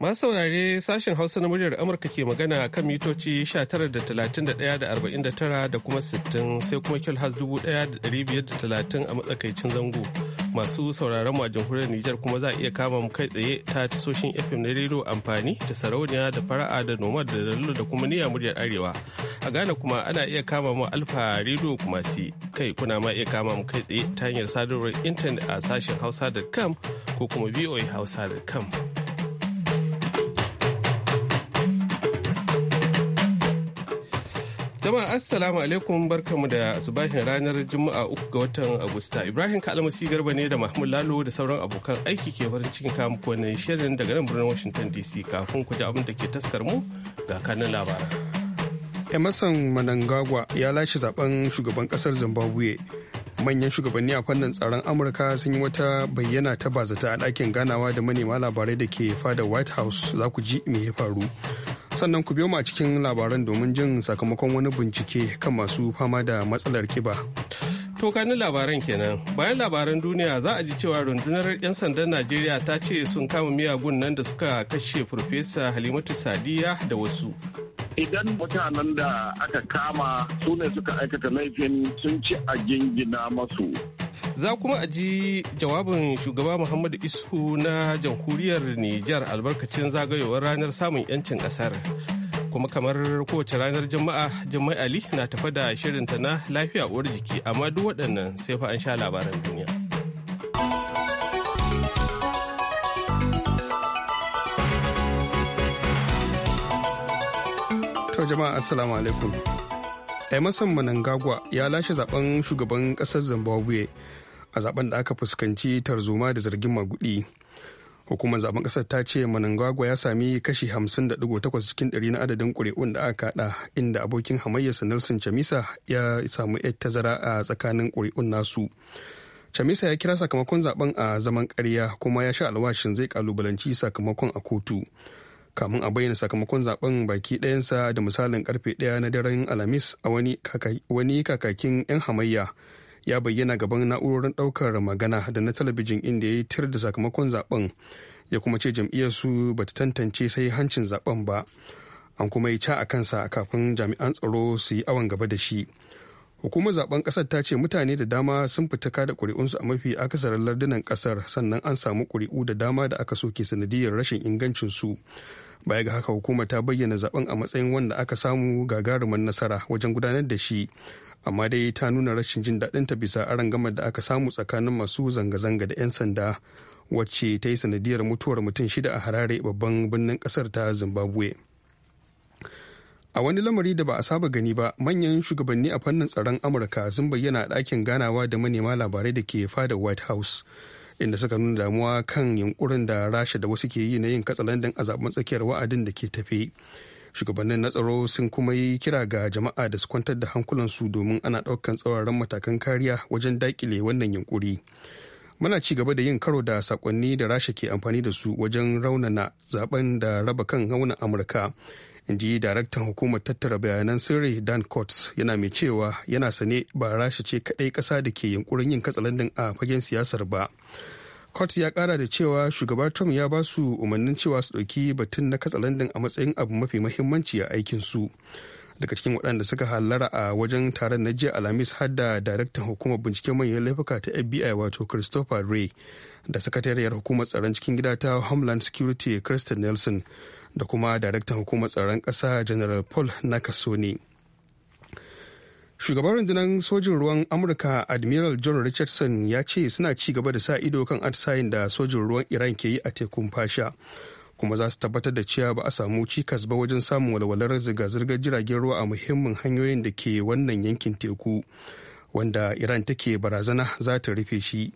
Masu saurare sashen Hausa na muryar Amurka ke magana kan mitoci 19,31,49 da kuma 60 sai kuma kilhas 1,530 a matsakaicin zango. Masu sauraron mu a jamhuriyar Nijar kuma za a iya kama mu kai tsaye ta tasoshin FM na rediyo amfani da sarauniya da fara'a da noma da dalilu da kuma niyya muryar Arewa. A Ghana kuma ana iya kama mu alfa rediyo kuma si kai kuna ma iya kama mu kai tsaye ta hanyar sadarwar intanet a sashen hausa.com ko kuma voahausa.com. Jama'a Assalamu alaikum barkamu da asubahin ranar Juma'a uku ga watan Agusta. Ibrahim Kalmasi Garba ne da Mahmud Lalo da sauran abokan aiki ke farin cikin kamu wannan shirin daga nan birnin Washington DC kafin ku ji abin da ke taskar mu ga kanin labaran. Emerson Manangagwa ya lashe zaben shugaban kasar Zimbabwe. Manyan shugabanni a fannin tsaron Amurka sun yi wata bayyana ta bazata a ɗakin ganawa da manema labarai da ke fada White House za ku ji me ya faru. sannan ku biyo ma cikin labaran domin jin sakamakon wani bincike kan masu fama da matsalar kiba. To kanin labaran kenan bayan labaran duniya za a ji cewa rundunar 'yan sandan Najeriya ta ce sun kama miyagun nan da suka kashe Farfesa Halimatu Sadiya da wasu. idan mutanen da aka kama su ne suka aikata laifin sun ci a gingina masu Za kuma a ji jawabin shugaba Muhammadu Isu na jamhuriyar Nijar albarkacin zagayowar ranar samun 'yancin ƙasar. Kuma kamar kowace ranar Juma'a, Jummai Ali na tafa da shirinta na lafiya uwar jiki, amma duk waɗannan sai fa an sha labaran duniya. To jama'a assalamu alaikum. Emerson Manangagwa ya lashe zaben shugaban ƙasar Zimbabwe. a zaben da aka fuskanci tarzoma da zargin magudi hukumar zaben kasar ta ce manangagwa ya sami kashi 50.8 cikin 100 na adadin ƙuri'un da aka kada inda abokin hamayyarsa nelson chamisa ya samu yar tazara a tsakanin ƙuri'un nasu chamisa ya kira sakamakon zaben a zaman ƙarya kuma ya sha alwashin zai kalubalanci sakamakon a kotu kamun a bayyana sakamakon zaben baki ɗayansa da misalin karfe ɗaya na daren alhamis a wani kakakin 'yan hamayya ya bayyana gaban na'urorin ɗaukar magana da na talabijin inda ya yi tir da sakamakon zaben ya kuma ce jam'iyyarsu ba ta tantance sai hancin zaben ba an kuma yi ca a kansa kafin jami'an tsaro su yi awon gaba da shi hukumar zaben kasar ta ce mutane da dama sun fita kada kuri'unsu a mafi akasarin lardunan kasar sannan an samu ƙuri'u da dama da aka soke sanadiyar rashin ingancin su baya ga haka hukumar ta bayyana zaben a matsayin wanda aka samu gagarumar nasara wajen gudanar da shi amma dai ta nuna rashin jin daɗin daɗinta bisa arangamar da aka samu tsakanin masu zanga-zanga da 'yan sanda wacce ta yi sanadiyar mutuwar mutum shida a harare babban birnin ƙasar ta zimbabwe a wani lamari da ba a saba gani ba manyan shugabanni a fannin tsaron amurka sun bayyana a ɗakin ganawa da manema labarai da ke fada white house inda suka nuna damuwa kan yunkurin da rasha da wasu ke yi na yin katsalandin a zaben tsakiyar wa'adin da ke tafe shugabannin na tsaro sun kuma yi kira ga jama'a da su kwantar da hankulansu domin ana ɗaukan tsauraran matakan kariya wajen daƙile wannan yunkuri muna ci gaba da yin karo da sakonni da rasha ke amfani da su wajen raunana zaben da raba kan hauna amurka in ji daraktan hukumar tattara bayanan sirri dan cots yana mai cewa yana sane ba rasha ce kaɗai ƙasa da ke yunkurin yin katsalandin a fagen siyasar ba Scott ya kara da cewa shugaba Trump ya ba su umarnin cewa su ɗauki batun na london a matsayin abu mafi mahimmanci a aikin su. Daga cikin waɗanda suka hallara a wajen taron na jiya Alhamis har da daraktan hukumar binciken manyan laifuka ta FBI wato Christopher Ray da sakatariyar hukumar tsaron cikin gida ta Homeland Security Kristen Nelson da kuma daraktan hukumar tsaron ƙasa General Paul Nakasone. shugaban rundunar sojin ruwan amurka admiral john richardson ya ce suna ci gaba da sa ido kan atsayin da sojin ruwan iran ke yi a tekun fasha kuma za su tabbatar da cewa ba a samu cikas ba wajen samun walwalar zirga-zirgar jiragen ruwa a muhimmin hanyoyin da ke wannan yankin teku wanda iran take barazana za ta rufe shi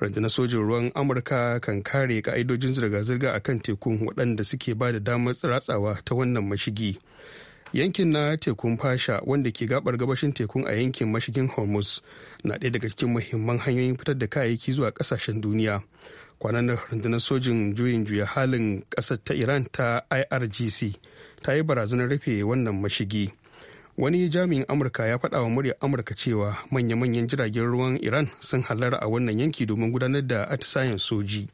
rundunar sojin ruwan amurka kan kare ka'idojin zirga-zirga a kan tekun waɗanda suke ba da damar ratsawa ta wannan mashigi yankin na tekun fasha wanda ke gabar gabashin tekun a yankin mashigin hormuz na ɗaya daga cikin muhimman hanyoyin fitar da kayayyaki zuwa ƙasashen duniya kwanan da rundunar sojin juyin juya halin ƙasar ta iran ta irgc ta yi barazanar rufe wannan mashigi wani jami'in amurka ya faɗa wa muryar amurka cewa manya-manyan jiragen ruwan iran sun halara a wannan yanki domin gudanar da atisayen soji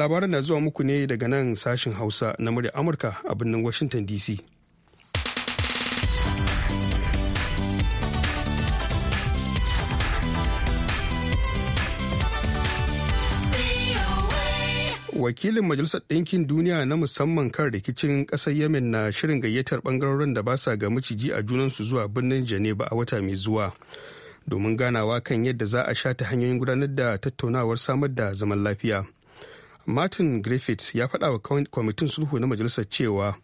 labaran na zuwa muku ne daga nan sashen hausa na murya amurka a birnin washington dc wakilin majalisar ɗinkin duniya na musamman kan rikicin ƙasar yemen na shirin gayyatar ɓangarorin da ba sa ga maciji a junansu zuwa birnin geneva a wata mai zuwa domin ganawa kan yadda za a shata hanyoyin gudanar da tattaunawar samar da zaman lafiya martin griffith ya faɗa wa kwamitin sulhu na majalisar cewa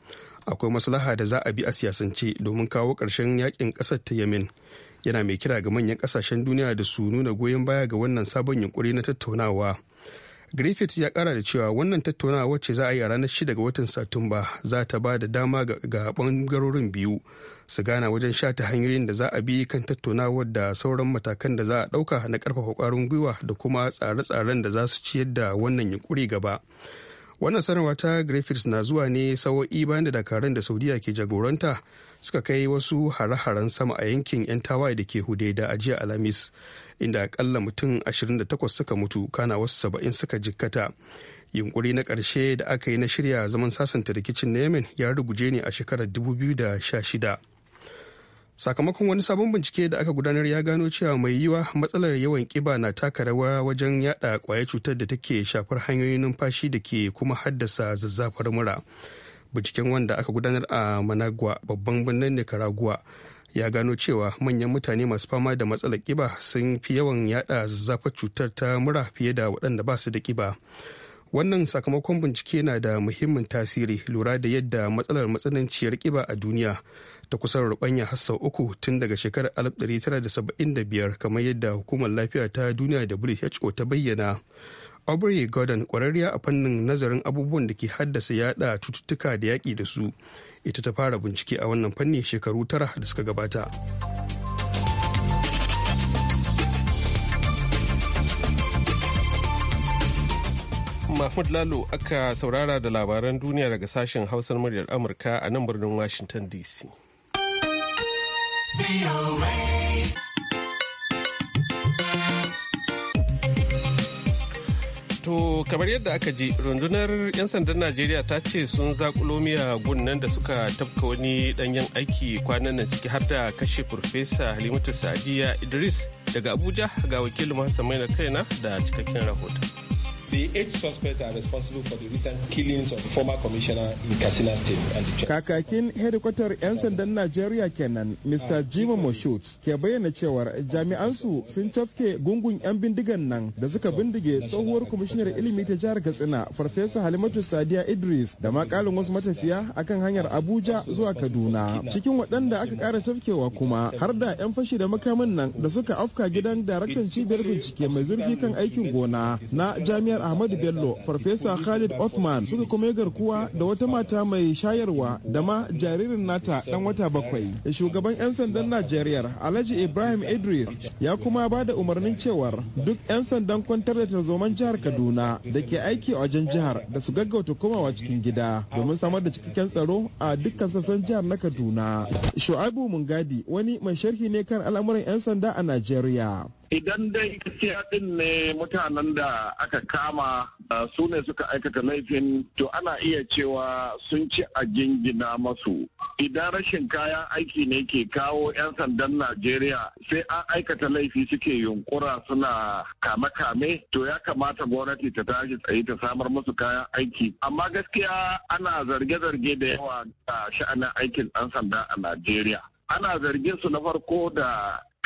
akwai maslaha da za a bi a siyasance domin kawo ƙarshen yakin ƙasar ta yemen yana mai kira ga manyan ƙasashen duniya da su nuna goyon baya ga wannan sabon yunkuri na tattaunawa griffith ya kara da cewa wannan tattaunawa wacce za a yi a ranar 6 ga watan satumba za ta ba da dama ga bangarorin biyu su gana wajen shata hanyoyin da za a bi kan tattaunawar da sauran matakan da za a dauka na karfafa kwarin gwiwa da kuma tsare-tsaren da za su ciyar da wannan yunkuri gaba wannan sanarwa ta griffiths na zuwa ne sawo'i bayan da dakarun da saudiya ke jagoranta suka kai wasu hare-haren sama a yankin 'yan tawaye da ke hudaida a jiya alhamis inda akalla mutum 28 suka mutu kana wasu 70 suka jikkata yunkuri na ƙarshe da aka yi na shirya zaman sasanta rikicin na yemen ya ruguje ne a shekarar 2016 sakamakon wani sabon bincike da aka gudanar ya gano cewa mai yiwa matsalar yawan kiba na taka rawa wajen yada kwaya cutar da take shafar hanyoyin numfashi da ke kuma haddasa zazzafar mura binciken wanda aka gudanar a managua babban birnin nicaragua ya gano cewa manyan mutane masu fama da matsalar kiba sun fi yawan yada zazzafar cutar ta mura fiye da waɗanda ba su da kiba wannan sakamakon bincike na da muhimmin tasiri lura da yadda matsalar matsananciyar kiba a duniya ta kusan rubanya har uku tun daga shekarar 1975 kamar yadda hukumar lafiya ta duniya who ta bayyana aubrey gordon kwararriya a fannin nazarin abubuwan da ke haddasa yada cututtuka da yaƙi da su ita ta fara bincike a wannan fanni shekaru tara da suka gabata. Mahmud Lalo aka saurara da labaran duniya daga sashen hausar muryar Amurka a nan birnin Washington DC. To kamar yadda aka ji rundunar 'yan sandan Najeriya ta ce sun zaƙulo miya gunnan da suka tafka wani ɗanyen aiki kwanan nan ciki har da kashe Farfesa Halimatu Sadiya Idris daga Abuja ga wakilin Hassan Maina kaina da cikakken rahoton. The eight Kakakin hedikwatar 'yan sandan Najeriya kenan, Mr. Ah, Jimo Moshut, ke bayyana cewar jami'ansu sun cafke gungun 'yan bindigan nan da suka bindige tsohuwar kwamishinar ilimi ta jihar Katsina, Farfesa Halimatu Sadiya Idris da makalin wasu matafiya akan hanyar Abuja zuwa Kaduna. Cikin waɗanda aka kara cafkewa kuma har da 'yan fashi da makamin nan da suka afka gidan daraktan cibiyar bincike mai zurfi kan aikin gona na jami'ar ahmadu bello farfesa khalid othman suka kuma garkuwa da wata mata mai shayarwa da ma jaririn nata dan wata bakwai shugaban 'yan sandan najeriya alhaji ibrahim idris ya kuma ba da umarnin cewar duk 'yan sandan kwantar da tarzoman jihar kaduna da ke aiki a wajen jihar da su gaggauta komawa cikin gida domin samar da cikakken tsaro a dukkan sassan jihar na kaduna shu'aibu mungadi wani mai sharhi ne kan al'amuran 'yan sanda a najeriya Idan dai gaskiya din ne mutanen da aka kama su ne suka aikata laifin to ana iya cewa sun ci a jingina masu. Idan rashin kayan aiki ne ke kawo 'yan sandan Najeriya sai an aikata laifi suke yunkura suna kame-kame to ya kamata gwamnati ta tashi tsaye ta samar musu kayan aiki. Amma gaskiya ana zarge-zarge da yawa ga sha'anin aikin 'yan sanda a Najeriya. ana zargin su na farko da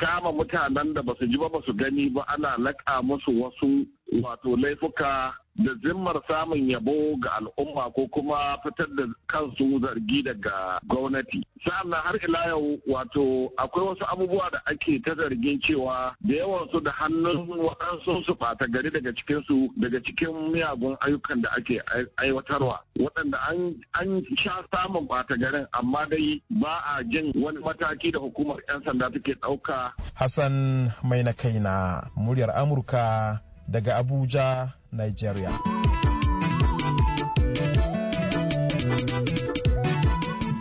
kama mutanen da ba su ji ba ba su gani ba ana laƙa musu wasu wato laifuka da zimmar samun yabo ga al'umma ko kuma fitar da kansu zargi daga gwamnati. Sa'an har ila yau wato akwai wasu abubuwa da ake ta zargin cewa da yawan su da hannun waɗansu su ɓata gari daga cikinsu daga cikin miyagun ayyukan da ake aiwatarwa. Waɗanda an sha samun ɓata garin amma dai ba a jin wani mataki da hukumar 'yan sanda take ɗauka. Hassan mai na kaina muryar Amurka daga Abuja, Nigeria.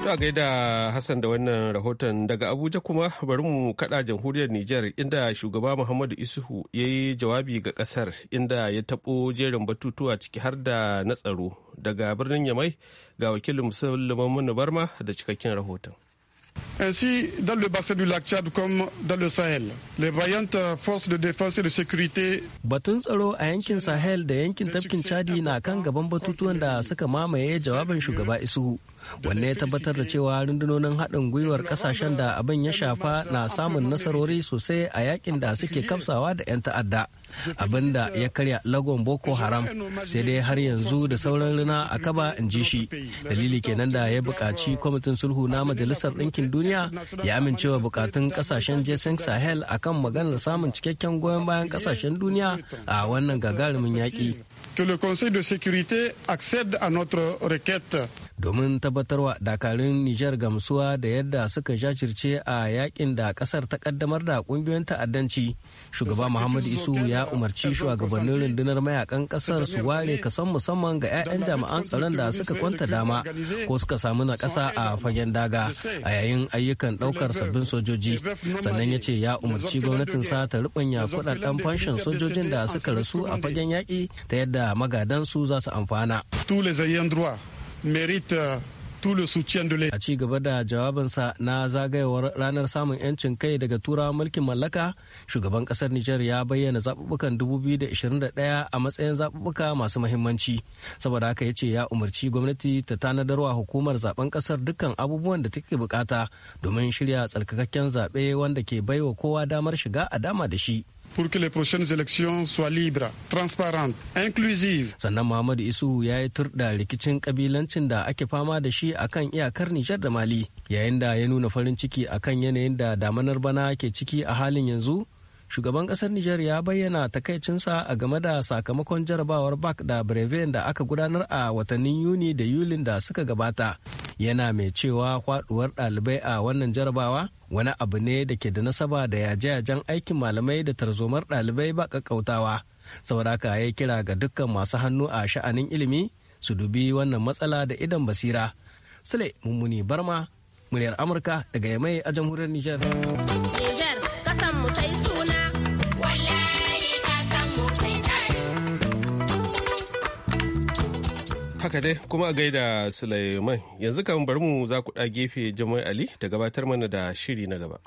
Zuwa gaida Hassan da wannan rahoton daga Abuja kuma bari mu kada jamhuriyar Nijar inda shugaba Muhammadu Isuhu ya yi jawabi ga kasar inda ya taɓo jerin batutuwa ciki har da na tsaro daga birnin Yamai ga wakilin musulman Barma da cikakken rahoton. Ainsi, dans le bassin du lac Tchad comme dans le Sahel, les vaillantes forces de défense et de sécurité. Batun tsaro a yankin Sahel da yankin tafkin Chadi na kan gaban batutuwan da suka mamaye jawaban shugaba Isuhu. Wanne ya tabbatar da cewa rundunonin haɗin gwiwar ƙasashen da abin ya shafa na samun nasarori sosai a yakin da suke kamsawa da 'yan ta'adda. abin da ya karya lagon boko haram sai dai har yanzu da sauran rina a kaba in ji shi dalili kenan da ya buƙaci kwamitin sulhu na majalisar ɗinkin duniya ya amincewa buƙatun ƙasashen jason sahel a kan maganar samun cikakken goyon bayan ƙasashen duniya a wannan gagarumin yaƙi. de notre domin tabbatarwa dakarun Nijar gamsuwa da yadda suka jajirce a yakin da kasar ta kaddamar da kungiyoyin ta'addanci. Shugaba Muhammadu Isu ya umarci shugabannin rundunar mayakan kasar su ware kason musamman ga 'ya'yan jami'an tsaron da suka kwanta dama ko suka samu na kasa a fagen daga a yayin ayyukan daukar sabbin sojoji. Sannan ya ce ya umarci sa ta rubanya kudaden fanshin sojojin da suka rasu a fagen yaki ta yadda magadansu za su amfana. mérite euh, tout le soutien de l'État. A ci gaba da jawabinsa na zagayewar ranar samun 'yancin kai daga turawa mulkin mallaka, shugaban kasar Nijar ya bayyana zaɓuɓɓukan 2021 a matsayin zaɓuɓɓuka masu mahimmanci. Saboda haka ya ce ya umarci gwamnati ta tanadarwa hukumar zaben kasar dukkan abubuwan da take bukata domin shirya tsarkakakken zaɓe wanda ke baiwa kowa damar shiga a dama da shi. pour que les prochaines élections soient libres, transparentes, inclusives. Sannan Muhammadu Isu ya yi turda rikicin kabilancin da ake fama da shi a kan iyakar Nijar da Mali, yayin da ya nuna farin ciki a kan yanayin da damanar bana ke ciki a halin yanzu shugaban kasar Nijar ya bayyana takaicinsa a game da sakamakon jarabawar bak da Breven da aka gudanar a watannin Yuni da Yulin da suka gabata. Yana mai cewa kwaduwar ɗalibai a wannan jarabawa wani abu ne da ke da nasaba da yaje-yajen aikin malamai da tarzomar ɗalibai ba kakkautawa. Saboda haka ya kira ga dukkan masu hannu a sha'anin ilimi su dubi wannan matsala da idan basira. Sule Mummuni Barma, muryar Amurka daga Yamai a jamhuriyar Nijar. Nijar, kasan mu ta yi suna. haka dai kuma a gaida Sulaiman yanzu kan bari mu za ku ɗa gefe Jamai Ali ta gabatar mana da shiri na gaba.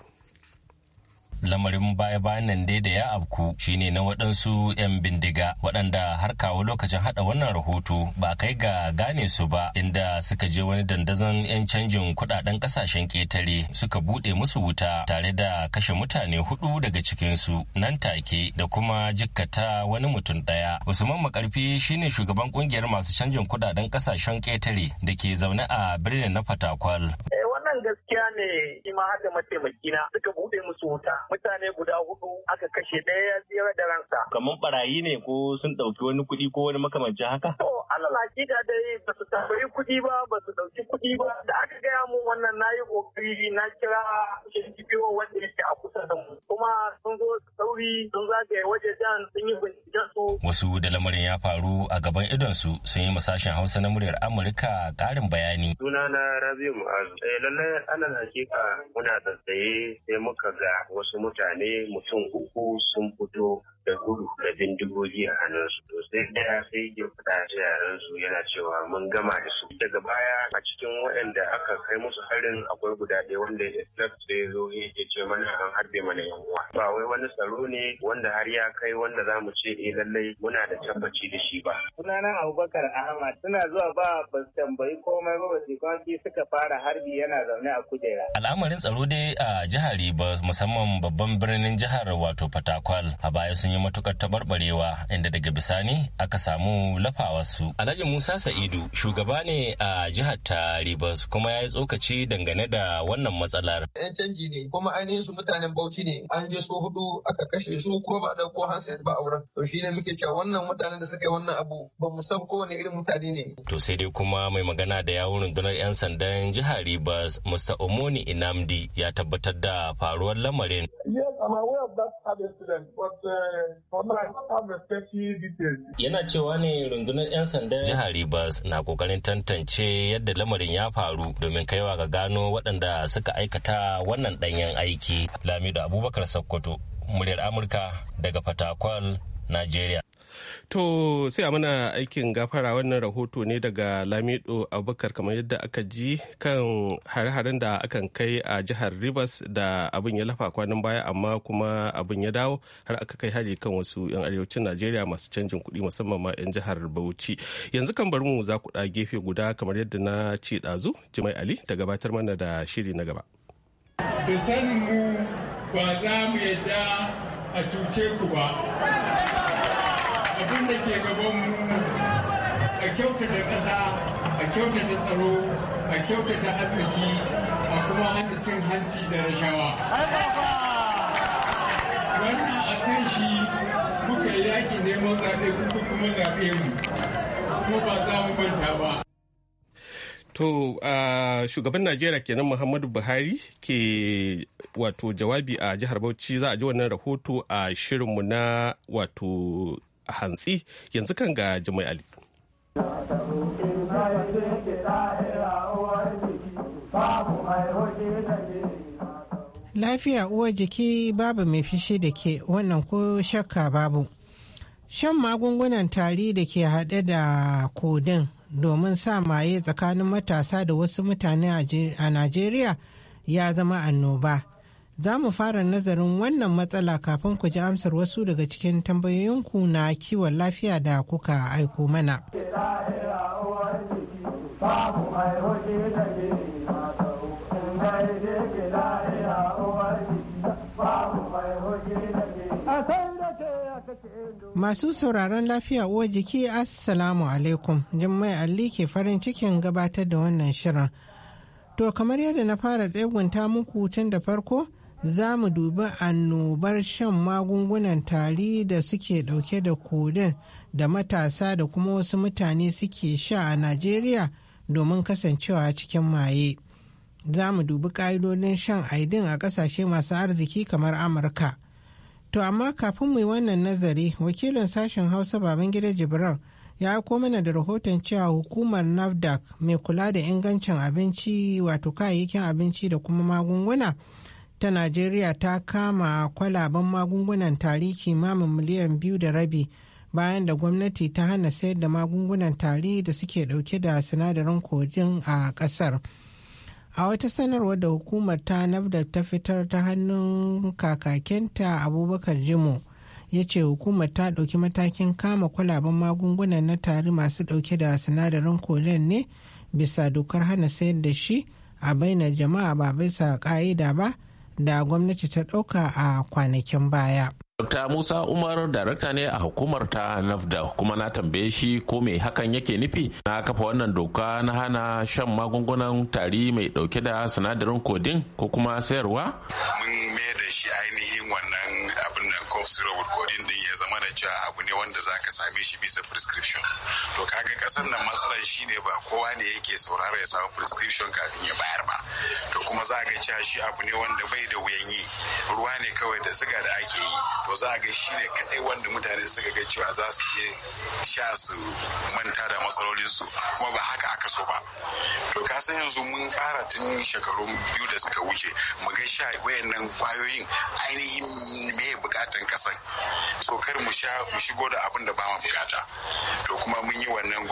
lamarin baya-bayan nan dai da ya abku shine na waɗansu 'yan bindiga waɗanda har kawo lokacin haɗa wannan rahoto ba kai ga gane su ba inda suka je wani dandazon 'yan canjin kuɗaɗen ƙasashen ƙetare suka buɗe musu wuta tare da kashe mutane hudu daga cikinsu nan take da kuma jikkata wani mutum ɗaya usman makarfi shine shugaban ƙungiyar masu canjin kuɗaɗen ƙasashen ƙetare da ke zaune a birnin na fatakwal eh, wannan gaskiya ne shi ma haka mataimaki na suka bude musu wuta mutane guda hudu aka kashe ɗaya ya tsira da ransa. Kamar barayi ne ko sun ɗauki wani kuɗi ko wani makamancin haka? To alal hakika dai ba su tambayi kuɗi ba ba su ɗauki kuɗi ba da aka gaya mu wannan na yi ƙoƙari na kira shirgibiyo wanda yake a kusa da mu kuma sun zo sauri sun zagaye jan sun yi binciken su. Wasu da lamarin ya faru a gaban idon su sun yi masashen Hausa na muryar Amurka karin bayani. Suna na Rabiu Mu'azu. Eh lallai alal muna tsaye sai muka ga wasu mutane mutum uku sun fito da gudu da bindigogi a hannunsu to sai daya sai ya fada ta yaran su yana cewa mun gama da su daga baya a cikin waɗanda aka kai musu harin akwai guda ɗaya wanda ya slap sai ya zo ya ce mana an harbe mana yan uwa ba wai wani tsaro ne wanda har ya kai wanda za mu ce eh lallai muna da tabbaci da shi ba sunanan abubakar ahmad suna zuwa ba ba su tambayi komai ba ba su kwanci suka fara harbi yana zaune a kujera al'amarin tsaro dai a jihar riba musamman babban birnin jihar wato Fatakwal a baya sun yi matukar taɓarɓarewa inda daga bisani aka samu lafawarsu. Alhaji Musa Sa'idu shugaba ne a jihar ta Ribas kuma ya yi tsokaci dangane da wannan matsalar. Yan canji ne kuma ainihin su mutanen Bauchi ne an je so hudu aka kashe su ko ba da ko hansa ba auren. To shi ne muke cewa wannan mutanen da suka yi wannan abu ba mu san kowane irin mutane ne. To sai dai kuma mai magana da yawun rundunar 'yan sandan jihar Ribas Mr. Omoni Inamdi ya tabbatar da faruwar lamarin. I'm aware of that incident, but uh, Yana cewa ne rundunar 'yan sandan jihar Rivers na kokarin tantance yadda lamarin ya faru domin kaiwa ga gano waɗanda suka aikata wannan ɗanyen aiki. Lamido Abubakar Sokoto, muryar Amurka daga Fatakwal, Najeriya. To sai a mana aikin gafara wannan rahoto ne daga Lamido Abubakar kamar yadda aka ji kan hare-haren da akan kai a jihar Rivers da abin ya lafa kwanan baya amma kuma abin ya dawo har aka kai hari kan wasu 'yan arewacin Najeriya masu canjin kuɗi musamman ma 'yan jihar Bauchi. Yanzu kan bari mu za ku ɗa gefe guda kamar yadda na ce ɗazu Jimai Ali ta gabatar mana da shiri na gaba. Da sanin mu ba za mu yadda a cuce ku ba. abin da ke gabanmu a kyautata ƙasa a kyautata tsaro a kyautata arziki a kuma hana cin hanci da rashawa wannan a kan shi muka yaƙi neman zaɓe kuka kuma zaɓe mu kuma ba za mu manta ba To shugaban Najeriya kenan Muhammadu Buhari ke wato jawabi a jihar Bauchi za a ji wannan rahoto a shirinmu na wato hantsi yanzu kan ga Jimai Ali. Lafiya uwar jiki babu mai fishi da ke wannan ko shakka babu. Shan magungunan tari da ke haɗe da kodin domin sa maye tsakanin matasa da wasu mutane a Najeriya ya zama annoba. za mu fara nazarin wannan matsala kafin ku ji amsar wasu daga cikin tambayoyinku na kiwon lafiya da kuka aiko mana. Masu sauraron lafiya uwa jiki Assalamu alaikum, Jummai Alli ke farin cikin gabatar da wannan shirin. To kamar yadda na fara tsegunta muku tun da farko, za mu dubi annobar shan magungunan tari da suke ɗauke da kodin da matasa da kuma wasu mutane suke sha a najeriya domin kasancewa cikin maye za mu dubi ƙa'idodin shan aidin a ƙasashe masu arziki kamar amurka to amma kafin mu yi wannan nazari wakilin sashen hausa babangida jibran ya aiko mana da rahoton cewa hukumar nafdac mai kula da ingancin abinci wato kayayyakin abinci da kuma magunguna ta Najeriya ta kama kwalaban magungunan tari kimanin miliyan biyu da rabi bayan da gwamnati ta hana sayar da magungunan tari da suke dauke da sinadarin kojin a kasar. A wata sanarwar da hukumar ta nafda ta fitar ta hannun kakakinta Abubakar Jimo ya ce hukumar ta ɗauki matakin kama kwalaban magungunan na tari masu ɗauke da sinadarin kolen ne bisa dokar hana sayar da shi a bainar jama'a ba bisa ƙa'ida ba. da gwamnati ta ɗauka a kwanakin baya. Dr. Musa Umar darakta ne a hukumar ta NAFDA kuma na tambaye shi ko mai hakan yake nufi na kafa wannan doka na hana shan magungunan tari mai dauke da sinadarin kodin ko kuma sayarwa? abu ne wanda za ka same shi bisa prescription to kaga kasar nan matsalar shi ne ba kowa ne yake saurara ya samu prescription kafin ya bayar ba to kuma za ga cewa shi abu ne wanda bai da wuyan yi ruwa ne kawai da siga da ake yi to za ga shi ne kadai wanda mutane suka ga cewa za su je sha su manta da matsalolinsu kuma ba haka aka so ba to ka san yanzu mun fara tun shekaru biyu da suka wuce mu ga sha wayannan kwayoyin ainihin me bukatan kasan so kar mu sha mu shigo da abin da ba mu bukata to kuma mun yi wannan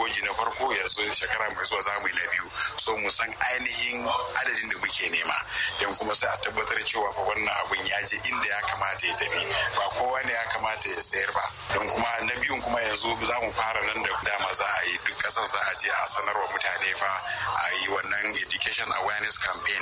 so shekara mai zuwa za mu yi biyu so mu san ainihin adadin da muke nema don kuma sai a tabbatar cewa fa wannan abun ya je inda ya kamata ya tafi ba kowa ne ya kamata ya sayar ba don kuma na biyun kuma yanzu za mu fara nan da dama za a yi duk kasar za a je a sanarwa mutane fa a yi wannan education awareness campaign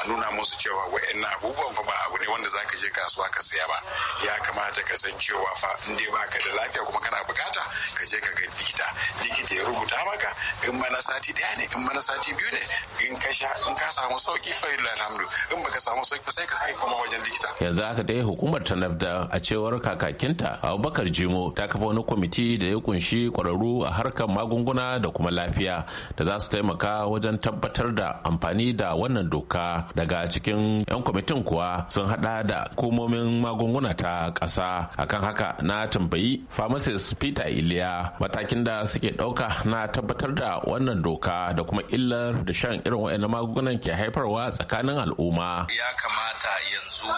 a nuna musu cewa wa'annan abubuwan fa ba abu ne wanda za ka je kasuwa ka saya ba ya kamata ka san cewa fa in dai ba ka da lafiya kuma kana bukata ka je ka ga likita likita ya rubuta maka in mana sati daya ne in mana sati biyu ne in ka sha in ka samu sauki lillahi alhamdu in baka samu sauki ba sai ka kai kuma wajen likita yanzu haka dai hukumar ta nafda a cewar kakakinta Abubakar Jimo ta kafa wani kwamiti da ya kunshi kwararru a harkar magunguna da kuma lafiya da za su taimaka wajen tabbatar da amfani da wannan doka daga cikin 'yan kwamitin kuwa sun hada da hukumomin magunguna ta ƙasa akan haka na tambayi pharmacist Peter Iliya matakin da suke ɗauka na tabbatar da wannan doka da kuma illar da shan irin waɗannan magungunan ke haifarwa tsakanin al'umma ya kamata yanzu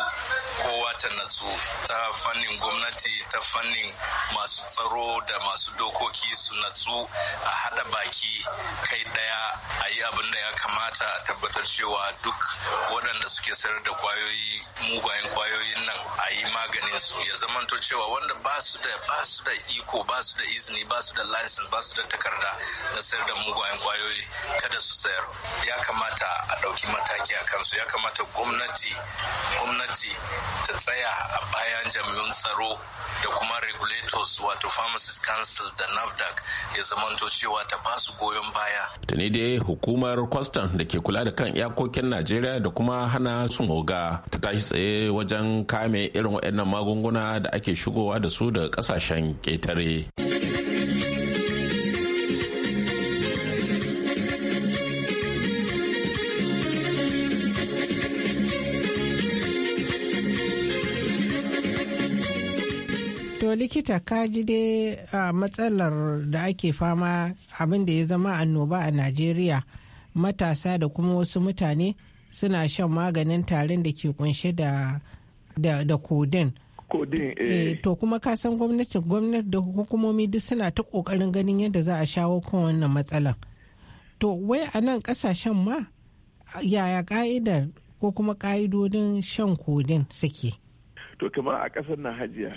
kowa ta natsu ta fannin gwamnati ta fannin masu tsaro da masu dokoki su natsu a hada baki kai daya a yi abin da ya kamata a tabbatar cewa duk waɗanda suke sayar da kwayoyi mugayen kwayoyin nan a yi maganin su ya zamanto cewa wanda ba su da ba su da iko ba su da izini ba su da license ba su da takarda na sayar da mugayen kwayoyi kada su sayar ya kamata a ɗauki mataki a kansu ya kamata gwamnati gwamnati ta tsaya a bayan jami'un tsaro da kuma regulators wato pharmacies council da nafdac ya zamanto cewa ta ba su goyon baya tuni dai hukumar kwastan da ke kula da kan iyakokin najeriya da kuma hana sun hoga ta tashi tsaye wajen kame irin waɗannan magunguna da ake shigowa da su daga ƙasashen ƙetare. likita ka ji dai a matsalar da ake fama abin da ya zama annoba a najeriya matasa da kuma wasu mutane suna shan maganin tarin da ke kunshe da kodin eh. eh, to kuma ka san gwamnati gwamnati da hukumomi duk suna ta kokarin ganin yadda za a shawo kan wannan matsalar to wai a nan kasashen ma yaya ka'idar ko kuma ka'idodin shan kodin suke to kamar a ƙasar na hajiya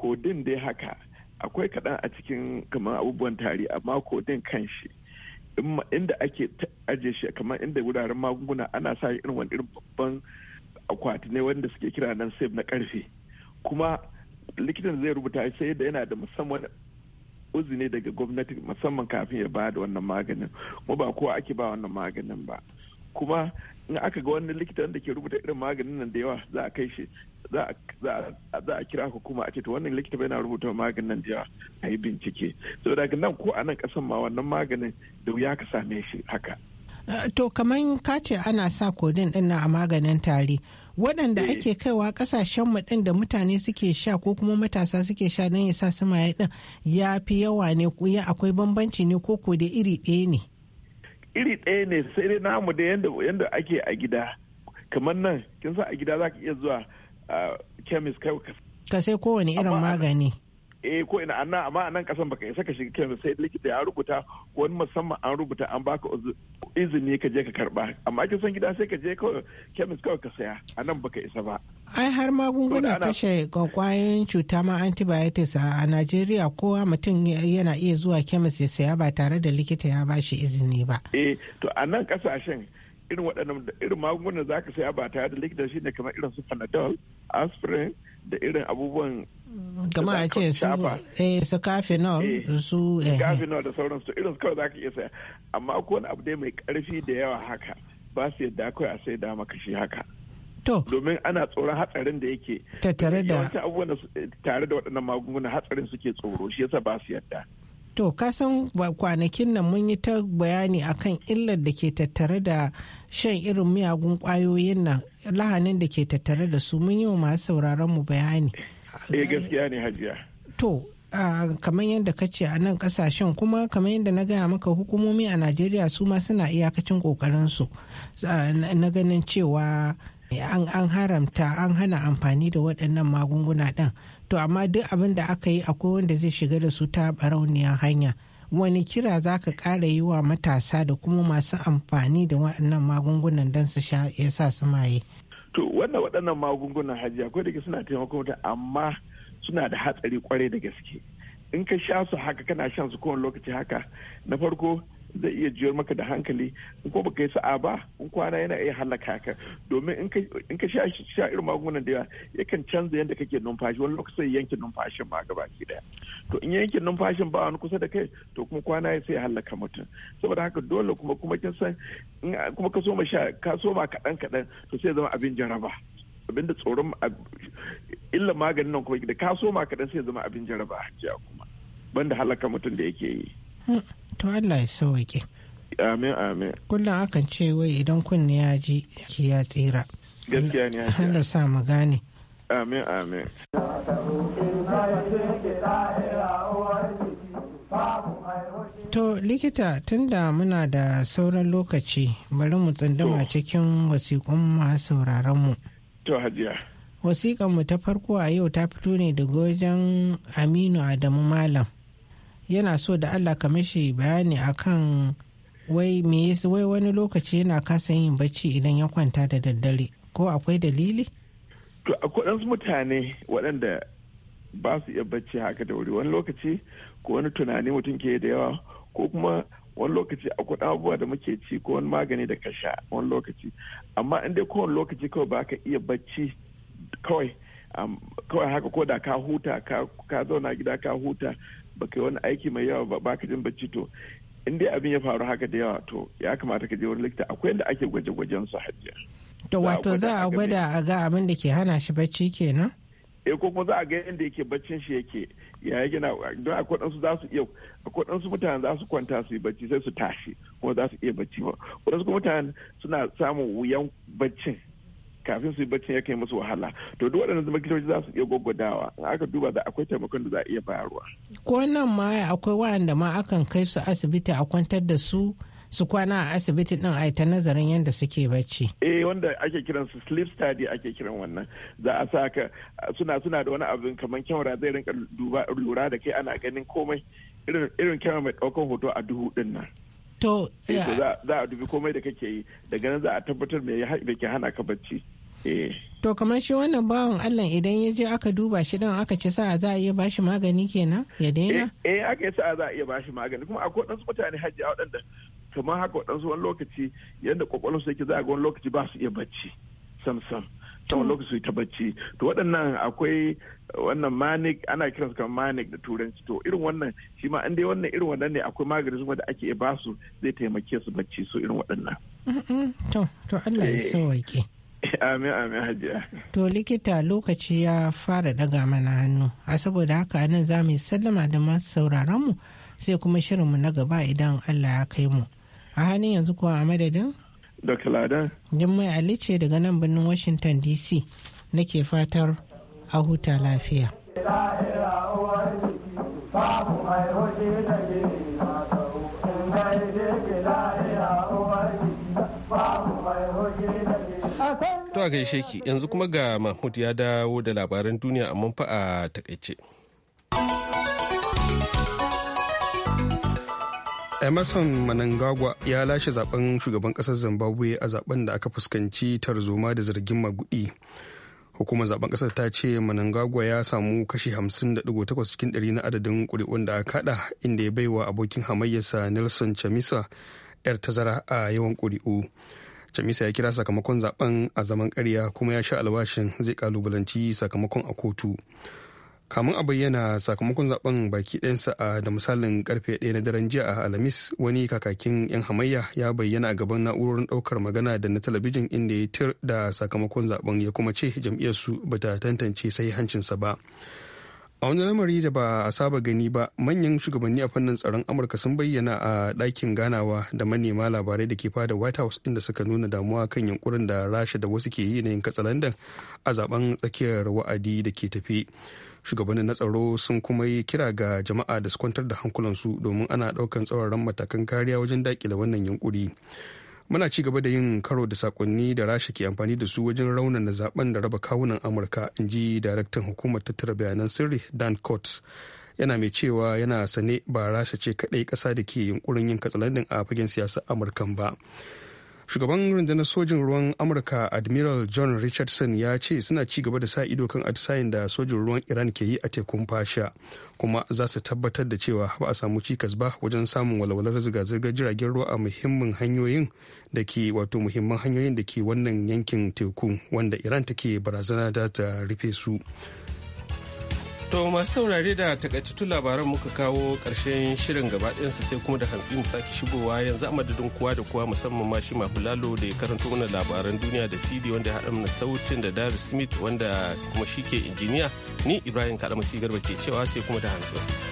kodin dai haka akwai kaɗan a cikin kamar abubuwan tari amma kodin kan shi inda ake aje shi kamar inda wuraren magunguna ana sa irin wani irin babban akwati ne wanda suke kira nan save na karfe kuma likitan zai rubuta sai da yana da musamman ne daga gwamnati musamman kafin ya ba da wannan maganin kuma ba kowa ake ba wannan maganin ba kuma in aka ga wani likita da ke rubuta irin maganin nan da yawa za a kai shi za a kira hukuma a ce to wannan likita bai na rubuta maganin nan da yawa a yi bincike saboda ga nan ko a nan kasan ma wannan maganin da wuya ka same shi haka eh, to kamar ka ce ana sa kodin din a maganin tari waɗanda eh. ake kaiwa ƙasashen mu ɗin da mutane suke sha ko kuma matasa suke sha don ya sa su maye ɗin ya fi yawa ne ya akwai bambanci ne ko ko da iri ɗaya ne iri ɗaya ne sai dai namu da yadda ake a gida kamar nan kin sa a gida za ka iya zuwa chemist kai ka sai kowane irin magani eh ko ina anna amma a nan kasan baka isa ka shiga chemist sai likita ya rubuta ko wani musamman an rubuta an baka izini ka je ka karba amma kin san gida sai ka je chemist kai ka saya a nan baka isa ba ai har magunguna kashe kwayoyin cuta ma antibiotics a najeriya kowa mutum yana iya zuwa kemis ya saya ba tare da likita ya ba shi izini ba eh to a nan kasashen irin waɗannan irin magungunan za ka saya ba tare da likita shine kamar irin su panadol aspirin da irin abubuwan mm, kamar a ce su eh su kafinol eh, su eh kafinol da sauransu irin su kawai za ka iya saya amma ko wani abu dai mai karfi da yawa haka ba su yadda kawai a sai da maka shi haka domin ana tsoron hatsarin da yake eh, tare da waɗannan magunguna hatsarin suke tsoro shi yasa ba su yadda to kasan kwanakin nan mun yi ta bayani akan illar da ke tattare da shan irin miyagun kwayoyin nan lahanin da ke tattare da su mun yi wa masu sauraron mu bayani eh gaskiya ne hajiya to kamar yadda ka ce a nan kasashen kuma kamar yadda na gaya maka hukumomi a najeriya su ma suna iyakacin kokarinsu su na ganin cewa an an haramta an hana amfani da waɗannan magunguna ɗin to amma duk abin da aka yi akwai wanda zai shiga da su ta barauniyar hanya wani kira za ka ƙara yi wa matasa da kuma masu amfani da waɗannan magungunan don su sha ya sa su maye. to wannan waɗannan magungunan hajiya akwai da suna taimakon mutum amma suna da hatsari kwarai da gaske in ka sha su haka kana shan su kowane lokaci haka na farko zai iya jiyar maka da hankali in ko baka yi sa'a ba in kwana yana iya halaka ka domin in ka sha sha irin magungunan da yakan canza yadda kake numfashi wani lokacin yanke numfashin ma gaba ki daya to in yanke numfashin ba wani kusa da kai to kuma kwana ya sai halaka mutum saboda haka dole kuma kuma kin san kuma ka soma sha ka soma kaɗan kaɗan to sai zama abin jaraba abinda tsoron illa maganin nan kuma da ka soma kaɗan sai zama abin jaraba a kuma banda halaka mutum da yake yi. to Allah ya sauwaƙe amin amin kullum akan ce wai idan kunne ya ji ki ya tsira gaskiya ne Allah sa mu gane amin amin To likita tunda muna da sauran lokaci bari mu tsunduma cikin wasiƙun masu mu To hajiya. Wasiƙanmu ta farko a yau ta fito ne daga wajen Aminu Adamu Malam. yana so da allah ka mishi bayani akan wai me wai wani lokaci yana kasa yin bacci idan ya kwanta da daddare ko akwai dalili to akwai ɗansu mutane waɗanda ba su iya bacci haka da wuri wani lokaci ko wani tunani mutum ke da yawa ko kuma wani lokaci akwai abubuwa da muke ci ko wani magani da ka sha wani lokaci amma in dai kowane lokaci kawai ba ka iya bacci kawai kawai haka ko da ka huta ka zauna gida ka huta ba kai wani aiki mai yawa ba baka jin bacci to in dai abin ya faru haka da yawa to ya kamata ka je wani likita akwai yadda ake gwaje-gwajen su hajjiya. To wato za a gwada a ga abin da ke hana shi bacci kenan? Eh ko kuma za a ga yadda yake baccin shi yake ya yi gina don akwai ɗansu za su iya akwai ɗansu mutane za su kwanta su yi bacci sai su tashi kuma za su iya bacci ba. Wadansu kuma mutane suna samun wuyan baccin kafin su yi baccin yakan yi musu wahala to duk waɗannan zama likitoci za su iya gwaggwadawa in aka duba da akwai taimakon da za a iya bayarwa. ko nan ma akwai waɗanda ma akan kai su asibiti a kwantar da su su kwana a asibiti din a ta nazarin yadda suke bacci. Eh wanda ake kiran su sleep study ake kiran wannan. Za a sa suna suna da wani abin kamar kyamara zai rinka lura da kai ana ganin komai irin kyamara mai ɗaukar hoto a duhu din nan. to eh, za a dubi komai da kake yi daga nan za a tabbatar me ke hana ka bacci eh. To kamar shi wannan bawan Allah idan ya je aka duba shi dan aka ci sa'a za a iya bashi magani kenan ya daina? Eh, eh aka yi sa'a za a iya bashi magani kuma akwai wadansu mutane hajji a waɗanda kamar haka waɗansu wani lokaci yadda kwakwalwarsu yake za a ga wani lokaci ba su iya bacci sam sam. ta wani mm. lokaci ta bacci to waɗannan akwai wannan manic ana kiransu kamar manic da turanci to irin wannan shi ma an dai wannan irin wannan ne akwai magani su da ake ba su zai taimake su bacci su irin waɗannan. to to Allah ya eh. sauwaƙe. amin amin hajiya. to likita lokaci ya fara daga mana hannu a saboda haka nan za mu sallama da masu sauraron mu sai kuma shirinmu na gaba idan Allah ya kai mu a hannun yanzu kuwa a madadin Dr. Ladan. Jummai Ali ce daga nan birnin Washington DC nake fatar a huta lafiya. To a gaishe ki yanzu kuma ga Mahmud ya dawo da labaran duniya amma fa a takaice. emerson manangagwa ya lashe zaben shugaban kasar zimbabwe a zaben da aka fuskanci tarzoma da zargin magudi hukumar zaben kasar ta ce manangagwa ya samu kashi 50.8 cikin 100 na adadin kuri'un da aka kada inda ya baiwa abokin hamayyarsa nelson chamisa yar tazara a yawan kuri'u chamisa ya kira sakamakon zaben a zaman karya kuma ya sha alwashin zai kalubalanci sakamakon a kotu kamun a bayyana sakamakon zaben baki ɗayansa a da misalin karfe ɗaya na daren jiya a alhamis wani kakakin 'yan hamayya ya bayyana a gaban na'urorin ɗaukar magana da na talabijin inda ya tir da sakamakon zaben ya kuma ce jam'iyyarsu ba ta tantance sai hancinsa ba a wani lamari da ba a saba gani ba manyan shugabanni a fannin tsaron amurka sun bayyana a ɗakin ganawa da manema labarai da ke fada white house inda suka nuna damuwa kan yankurin da rasha da wasu ke yi na yin katsalandan a zaben tsakiyar wa'adi da ke tafi shugabannin na tsaro sun kuma yi kira ga jama'a da su kwantar da hankulansu domin ana ɗaukan tsauraran matakan kariya wajen dakile wannan yunkuri muna ci gaba da yin karo da sakonni da rasha ke amfani da su wajen na zaben da raba kawunan amurka in ji daraktan hukumar tattara bayanan sirri dan court yana mai cewa yana sane ba rasha ce kadai kasa da ke yunkurin yin katsalandin a fagen siyasar amurkan ba shugaban rundunar sojin ruwan amurka admiral john richardson ya ce suna ci gaba da sa ido kan atisayen da sojin ruwan iran ke yi a tekun fasha kuma za su tabbatar da cewa ba a samu cikas ba wajen samun walwalar zirga-zirgar jiragen ruwa a muhimmin hanyoyin da ke wato muhimman hanyoyin da ke wannan yankin teku wanda iran take barazana da ta rufe su To masu saurare da takaitattun labaran muka kawo ƙarshen shirin gabaɗinsa sai kuma da hantsi mu sake shigowa yanzu a madadin kowa da kowa musamman ma shi Lalo da ya karanto mana labaran duniya da CD wanda ya haɗa mana sautin da dari Smith wanda kuma shi ke injiniya ni Ibrahim kaɗa Kalamasi Garba ke cewa sai kuma da hantsi.